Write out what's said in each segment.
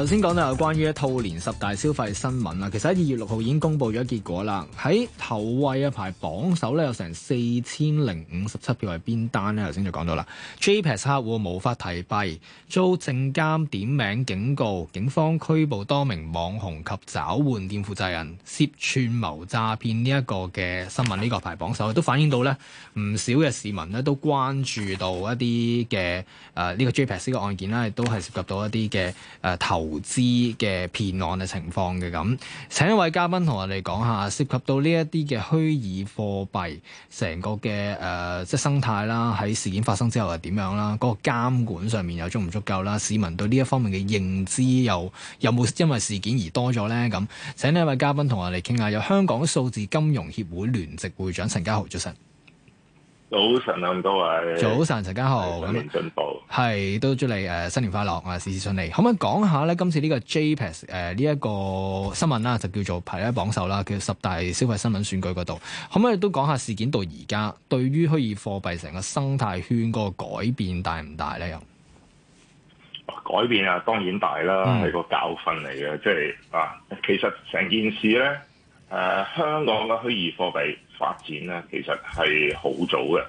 頭先講到係關於一套年十大消費新聞啦，其實喺二月六號已經公布咗結果啦。喺頭位一排榜首咧，有成四千零五十七票係邊單咧？頭先就講到啦，JPEX 客戶無法提幣，遭證監點名警告，警方拘捕多名網紅及找換店負責人，涉串謀詐騙呢一個嘅新聞，呢個排榜首，都反映到咧唔少嘅市民咧都關注到一啲嘅誒呢個 JPEX 嘅案件啦，亦都係涉及到一啲嘅誒投。投資嘅騙案嘅情況嘅咁，請一位嘉賓同我哋講下，涉及到呢一啲嘅虛擬貨幣成個嘅誒、呃，即係生態啦。喺事件發生之後係點樣啦？嗰、嗰個監管上面又足唔足夠啦？市民對呢一方面嘅認知又，又有冇因為事件而多咗呢？咁請呢一位嘉賓同我哋傾下。有香港數字金融協會聯席會長陳家豪先生。早晨，咁多位。早晨，陳家豪。新年進步。係，都祝你誒新年快樂啊，事事順利。可唔可以講下咧今次呢個 JPEX 誒、呃、呢一、這個新聞啦、啊，就叫做排喺榜首啦，叫十大消費新聞選舉嗰度。可唔可以都講下事件到而家，對於虛擬貨幣成個生態圈個改變大唔大咧？又改變啊，當然大啦，係個教訓嚟嘅，即、就、係、是、啊，其實成件事咧。誒、呃、香港嘅虛擬貨幣發展咧，其實係好早嘅。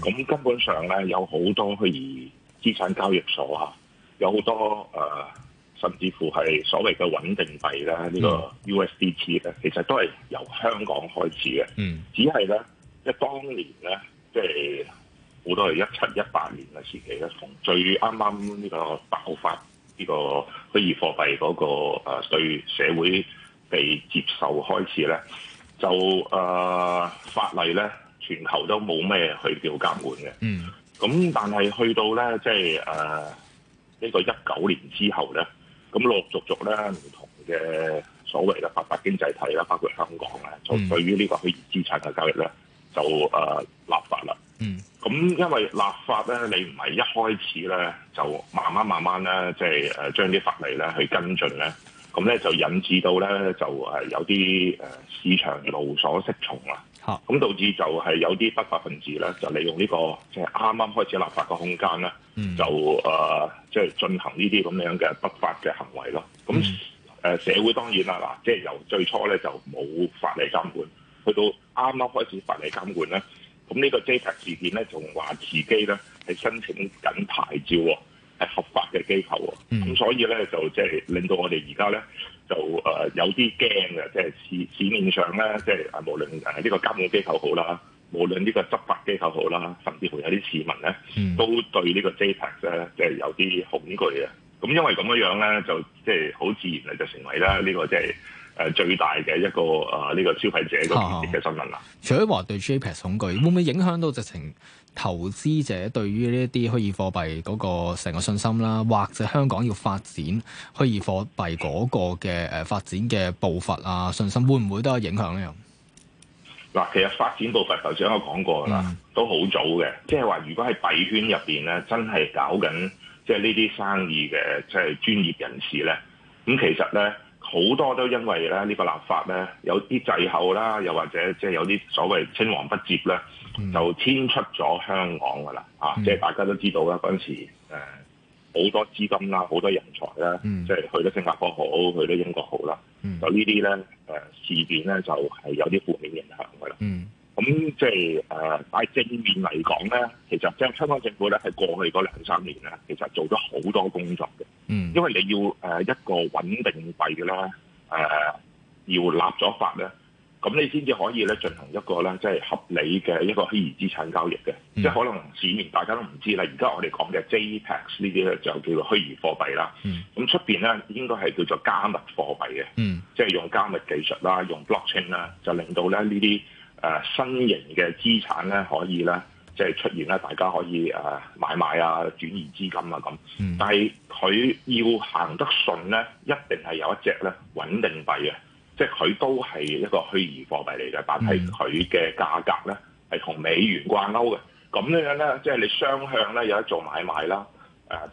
咁根本上咧，有好多虛擬資產交易所啊，有好多誒、呃，甚至乎係所謂嘅穩定幣咧，呢、這個 USDT 咧，其實都係由香港開始嘅。嗯，只係咧，即係當年咧，即係好多係一七一八年嘅時期咧，從最啱啱呢個爆發呢個虛擬貨幣嗰、那個誒、呃、對社會，被接受開始咧，就誒、呃、法例咧，全球都冇咩去叫監管嘅。嗯。咁但係去到咧，即係誒呢個一九年之後咧，咁陸續續咧唔同嘅所謂嘅發達經濟體啦，包括香港咧，就對於呢個虛擬資產嘅交易咧，就誒、呃、立法啦。嗯。咁因為立法咧，你唔係一開始咧，就慢慢慢慢咧，即係將啲法例咧去跟進咧。咁咧就引致到咧就係有啲誒市場無所適從啦，咁、啊、導致就係有啲不法分子咧就利用呢、呢個即係啱啱開始立法嘅空間呢，嗯、就誒即係進行呢啲咁樣嘅不法嘅行為咯。咁、嗯呃、社會當然啦，嗱即係由最初咧就冇法例監管，去到啱啱開始法例監管咧，咁呢個 JPEX 事件咧仲話自己咧係申請緊牌照。係合法嘅機構喎，咁、嗯、所以咧就即係令到我哋而家咧就誒有啲驚嘅，即係市市面上咧，即、就、係、是、無論呢個監管機構好啦，無論呢個執法機構好啦，甚至乎有啲市民咧、嗯，都對呢個 JPEX 咧即係有啲恐懼啊！咁因為咁樣樣咧，就即係好自然嘅就成為啦呢個即係。誒最大嘅一個誒呢、呃這個消費者嘅嘅新聞啦、啊啊。除咗話對 JPEX 恐懼，會唔會影響到直情投資者對於呢一啲虛擬貨幣嗰個成個信心啦？或者香港要發展虛擬貨幣嗰個嘅誒發展嘅步伐啊，信心會唔會都有影響呢樣？嗱，其實發展步伐，頭先我講過啦、嗯，都好早嘅、就是。即係話，如果喺幣圈入邊咧，真係搞緊即係呢啲生意嘅，即係專業人士咧，咁其實咧。好多都因為咧呢個立法咧，有啲滯後啦，又或者即係有啲所謂青黃不接咧，就遷出咗香港噶啦、嗯、啊！即、就、係、是、大家都知道啦，嗰陣時呃、好多資金啦，好多人才啦、嗯，即係去咗新加坡好，去咗英國好啦、嗯，就呢啲咧誒事件咧就係有啲負面影響噶啦。嗯咁即係誒，喺、呃、正面嚟講咧，其實即係香港政府咧，係過去嗰兩三年咧，其實做咗好多工作嘅。嗯，因為你要誒一個穩定幣嘅啦，誒、呃、要立咗法咧，咁你先至可以咧進行一個咧即係合理嘅一個虛擬資產交易嘅。嗯、即係可能市面大家都唔知啦，而家我哋講嘅 JPEX 呢啲咧就叫做虛擬貨幣啦。咁、嗯、出面咧應該係叫做加密貨幣嘅，嗯、即係用加密技術啦，用 blockchain 啦，就令到咧呢啲。誒新型嘅資產咧可以咧，即係出現咧，大家可以誒買賣啊、轉移資金啊咁、嗯。但係佢要行得順咧，一定係有一隻咧穩定幣嘅，即係佢都係一個虛擬貨幣嚟嘅，但係佢嘅價格咧係同美元掛鈎嘅。咁樣咧，即係你雙向咧有得做買賣啦，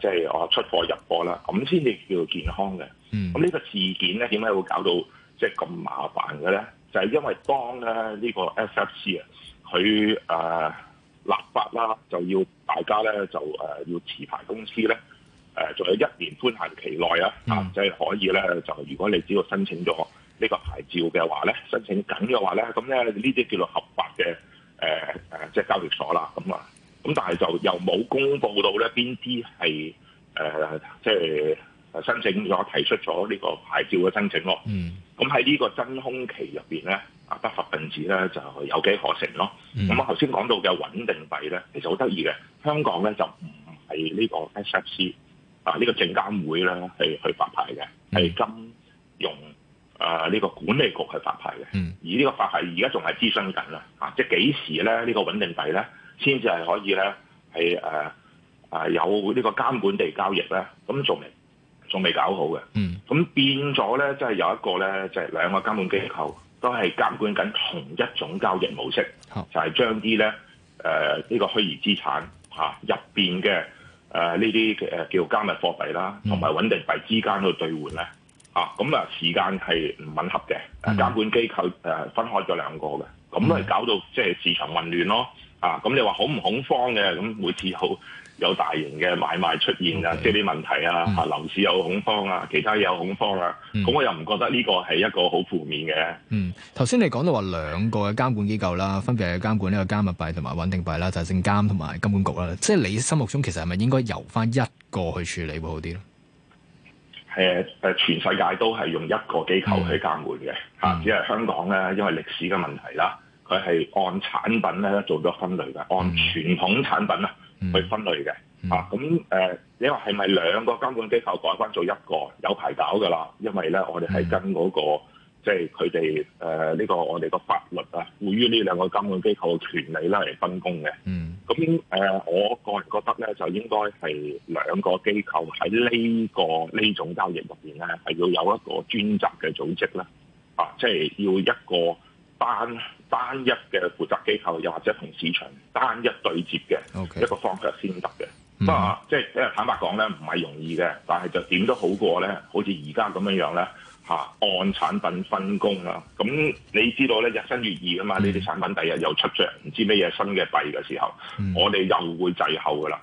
誒，即係我出貨入貨啦，咁先至叫做健康嘅。咁、嗯、呢個事件咧點解會搞到即係咁麻煩嘅咧？就係、是、因為當咧呢、這個 SFC 啊，佢、呃、誒立法啦，就要大家咧就誒、呃、要持牌公司咧誒，仲、呃、有一年寬限期內、嗯、啊，就係、是、可以咧就如果你只要申請咗呢個牌照嘅話咧，申請緊嘅話咧，咁咧呢啲叫做合法嘅誒誒，即、呃、係、就是、交易所啦，咁啊，咁但係就又冇公布到咧邊啲係誒即係。呃就是申請咗提出咗呢個牌照嘅申請、嗯、咯。嗯。咁喺呢個真空期入面咧，啊，不法分子咧就有機可乘咯。咁我頭先講到嘅穩定幣咧，其實好得意嘅。香港咧就唔係呢個 SFC、嗯、啊，呢、呢個證監會咧係去發牌嘅，係、嗯、金融啊呢、呢個管理局去發牌嘅。嗯。而呢個發牌而家仲係諮詢緊啦。啊，即幾時咧？呢、呢個穩定幣咧先至係可以咧係誒有呢個監管地交易咧，咁仲未。我未搞好嘅，咁變咗咧，即係有一個咧，就係、是、兩個監管機構都係監管緊同一種交易模式，就係將啲咧誒呢個虛擬資產嚇入邊嘅誒呢啲誒叫加密貨幣啦，同、啊、埋穩定幣之間去兌換咧嚇，咁啊，啊時間係唔吻合嘅、啊，監管機構誒、呃、分開咗兩個嘅，咁都係搞到即係、就是、市場混亂咯啊！咁、啊、你話恐唔恐慌嘅咁每次好？有大型嘅買賣出現啊，okay. 即係啲問題啊，嚇、嗯啊、樓市有恐慌啊，其他東西有恐慌啊，咁、嗯、我又唔覺得呢個係一個好負面嘅。嗯，頭先你講到話兩個嘅監管機構啦，分別係監管呢個加密幣同埋穩定幣啦，就係、是、證監同埋金管局啦。即係你心目中其實係咪應該由翻一個去處理會好啲？誒、呃、誒，全世界都係用一個機構去監管嘅嚇，只、嗯、係香港咧，因為歷史嘅問題啦，佢係按產品咧做咗分類嘅，按傳統產品啊。去分類嘅啊，咁誒，你話係咪兩個監管機構改翻做一個有排搞㗎啦？因為咧，我哋係跟嗰個即係佢哋誒呢個我哋個法律啊，賦予呢兩個監管機構嘅權力啦嚟分工嘅。嗯，咁誒，我個人覺得咧，就應該係兩個機構喺呢個呢種交易入邊咧，係要有一個專責嘅組織啦，啊，即係要一個單。單一嘅負責機構，又或者同市場單一對接嘅一個方式先得嘅。不過即係坦白講咧，唔係容易嘅。但係就點都好過咧，好似而家咁樣樣咧、啊、按產品分工啊。咁你知道咧，日新月異啊嘛，呢、mm、啲 -hmm. 產品第日又出咗唔知咩嘢新嘅幣嘅時候，mm -hmm. 我哋又會滯後噶啦。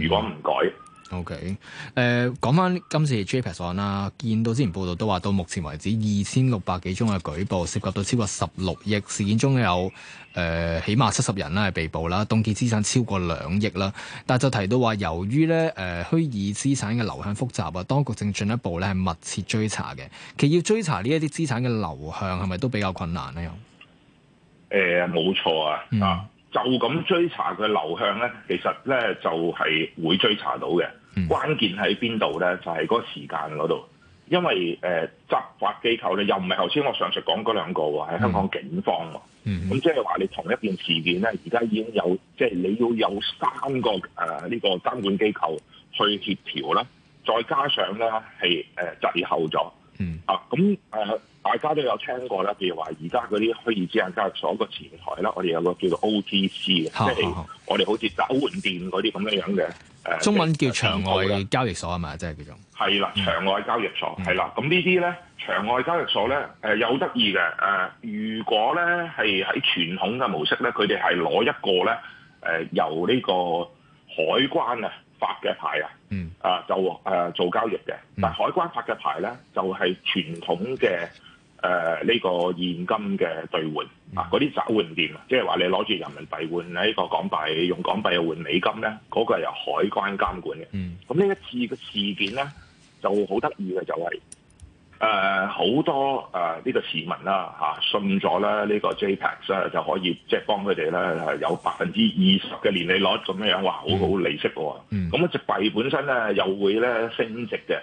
如果唔改。O K，誒講翻今次 JPEX 案啦，見到之前報道都話到目前為止二千六百幾宗嘅舉報，涉及到超過十六億事件中有，有、呃、誒起碼七十人咧係被捕啦，凍結資產超過兩億啦。但就提到話，由於咧誒、呃、虛擬資產嘅流向複雜啊，當局正進一步咧係密切追查嘅。其實要追查呢一啲資產嘅流向，係咪都比較困難呢？又誒冇錯啊，啊、嗯、就咁追查佢流向咧，其實咧就係會追查到嘅。嗯、關鍵喺邊度咧？就係、是、嗰個時間嗰度，因為誒執、呃、法機構咧又唔係頭先我上述講嗰兩個喎，係香港警方啊。咁即係話你同一件事件咧，而家已經有即係、就是、你要有三個誒呢、呃這個監管機構去協調啦，再加上咧係誒滯後咗、嗯、啊。咁誒、呃、大家都有聽過啦，譬如話而家嗰啲虛擬資產交易所個前台啦，我哋有個叫做 OTC 嘅，即、就、係、是、我哋好似找換店嗰啲咁嘅樣嘅。誒中文叫場外交易所啊嘛，即係叫做係啦，場外交易所係啦。咁、嗯、呢啲咧，場外交易所咧，又好得意嘅誒。如果咧係喺傳統嘅模式咧，佢哋係攞一個咧，誒、呃、由呢個海關啊發嘅牌啊，嗯啊、呃、就誒、呃、做交易嘅。但海關發嘅牌咧，就係、是、傳統嘅。誒、呃、呢、這個現金嘅兌換啊，嗰啲找換店啊，即係話你攞住人民幣換呢個港幣，用港幣又換美金咧，嗰、那個是由海關監管嘅。咁、嗯、呢一次嘅事件咧，就好得意嘅就係誒好多誒呢、呃這個市民啦、啊、嚇、啊、信咗咧呢個 JPEX 咧、啊、就可以即係、就是、幫佢哋咧有百分之二十嘅年利率咁樣樣話好好利息喎、啊。咁啊隻幣本身咧又會咧升值嘅。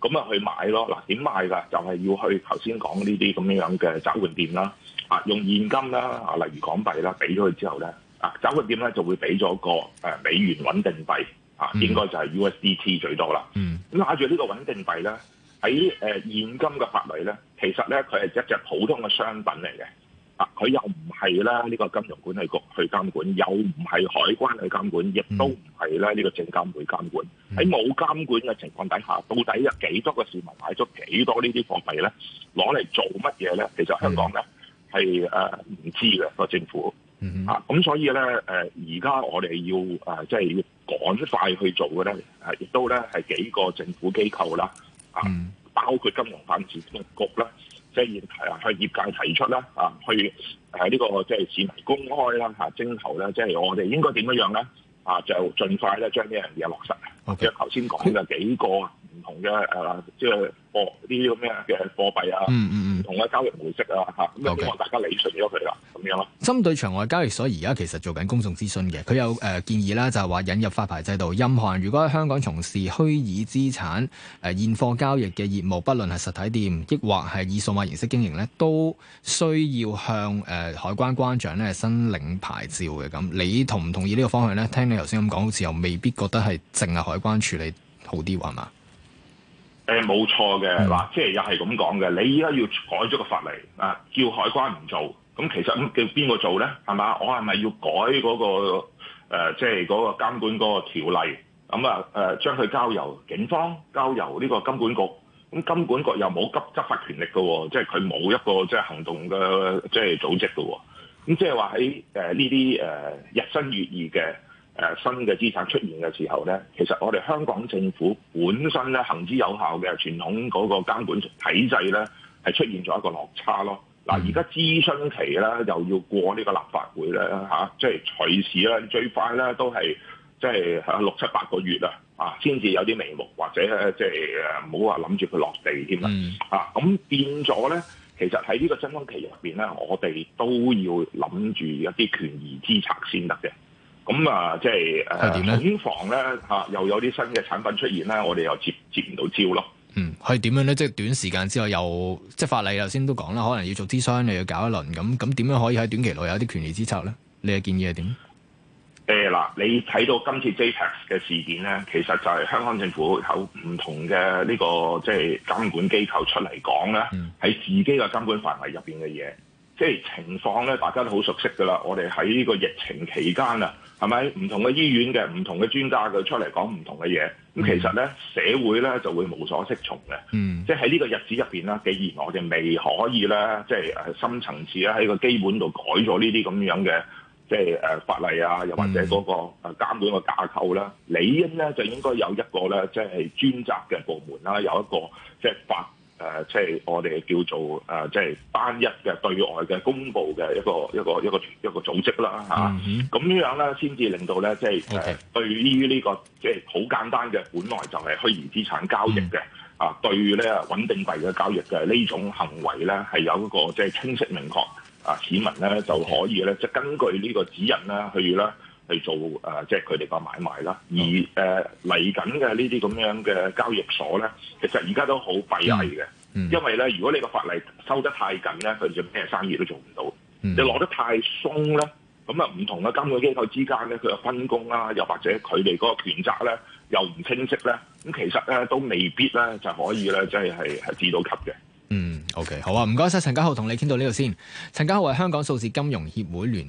咁啊，去買咯嗱，點買㗎？就係、是、要去頭先講呢啲咁樣嘅找換店啦，啊，用現金啦，啊，例如港幣啦，俾咗佢之後咧，啊，找換店咧就會俾咗個、呃、美元穩定幣，啊，應該就係 USDT 最多啦。嗯，咁拿住呢個穩定幣咧，喺誒、呃、現金嘅法律咧，其實咧佢係一隻普通嘅商品嚟嘅。啊！佢又唔係啦，呢個金融管理局去監管，又唔係海關去監管，亦都唔係咧呢個證監會監管。喺冇監管嘅情況底下，到底有幾多個市民買咗幾多呢啲貨幣咧？攞嚟做乜嘢咧？其實香港咧係誒唔知嘅個政府啊，咁所以咧誒而家我哋要誒即係要趕快去做嘅咧，誒亦都咧係幾個政府機構啦，啊，包括金融發展局啦。嘅啊，去業界提出啦，啊，去誒呢、啊這個即係市民公開啦，吓徵求啦，即係我哋應該點樣樣咧？啊，就盡快咧將呢樣嘢落實。OK，頭先講嘅幾個。嘅即係貨啲咁咩嘅貨幣啊，唔同嘅交易模式啊，嚇咁啊，希望大家理順咗佢啦，咁、okay. 樣咯。針對場外交易所，而家其實做緊公眾諮詢嘅。佢有誒建議啦，就係話引入發牌制度。任何人，如果喺香港從事虛擬資產誒現貨交易嘅業務，不論係實體店，抑或係以數碼形式經營咧，都需要向誒海關關長咧申領牌照嘅。咁你同唔同意呢個方向咧？聽你頭先咁講，好似又未必覺得係淨係海關處理好啲，係嘛？誒冇錯嘅，即係又係咁講嘅。你依家要改咗個法例啊，叫海關唔做，咁其實叫邊個做咧？係嘛？我係咪要改嗰個誒，即係嗰個監管嗰個條例？咁啊誒，將佢交由警方，交由呢個金管局。咁金管局又冇急執法權力喎，即係佢冇一個即係行動嘅即係組織喎。咁即係話喺呢啲誒日新月異嘅。誒新嘅資產出現嘅時候咧，其實我哋香港政府本身咧行之有效嘅傳統嗰個監管體制咧，係出現咗一個落差咯。嗱、嗯，而家諮詢期咧又要過呢個立法會咧嚇、啊，即係隨時咧最快咧都係即係六七八個月啊，啊，先至有啲眉目或者即係誒唔好話諗住佢落地添啦、嗯、啊，咁變咗咧，其實喺呢個諮詢期入邊咧，我哋都要諗住一啲權宜之策先得嘅。咁、嗯、啊，即係誒、呃，恐防咧嚇，又有啲新嘅產品出現咧，我哋又接接唔到招咯。嗯，係點樣咧？即係短時間之後又即係法例頭先都講啦，可能要做諮詢又要搞一輪咁，咁點樣可以喺短期內有啲權宜之策咧？你嘅建議係點？嗱、呃，你睇到今次 JPEX 嘅事件咧，其實就係香港政府有唔同嘅呢、這個即係、就是、監管機構出嚟講咧，喺、嗯、自己嘅監管範圍入邊嘅嘢。即係情況咧，大家都好熟悉㗎喇。我哋喺呢個疫情期間啊，係咪唔同嘅醫院嘅唔同嘅專家佢出嚟講唔同嘅嘢？咁其實咧，社會咧就會無所適從嘅。嗯，即係喺呢個日子入邊啦，既然我哋未可以咧，即係深層次啊，喺個基本度改咗呢啲咁樣嘅，即係誒法例啊，又或者嗰個誒監管嘅架構啦，理應咧就應該有一個咧，即係專責嘅部門啦，有一個即係法。誒、呃、即、就、係、是、我哋叫做誒，即、呃、係、就是、單一嘅對外嘅公佈嘅一個一個一個一個組織啦嚇，咁、啊 mm -hmm. 樣咧先至令到咧，即係誒對於呢、這個即係好簡單嘅，本來就係虛擬資產交易嘅、mm -hmm. 啊，對於咧穩定幣嘅交易嘅呢種行為咧，係有一個即係清晰明確啊，市民咧就可以咧，即、mm、係 -hmm. 根據呢個指引呢去呢去做誒，即係佢哋個買賣啦、嗯。而誒嚟緊嘅呢啲咁樣嘅交易所咧，其實而家都好閉翳嘅，因為咧，如果你個法例收得太緊咧，佢就咩生意都做唔到。嗯、你攞得太鬆咧，咁啊唔同嘅監管機構之間咧，佢嘅分工啦，又或者佢哋嗰個權責咧又唔清晰咧，咁其實咧都未必咧就可以咧，即係係係治到級嘅。嗯，OK，好啊，唔該晒。陳家豪同你傾到呢度先。陳家豪係香港數字金融協會聯。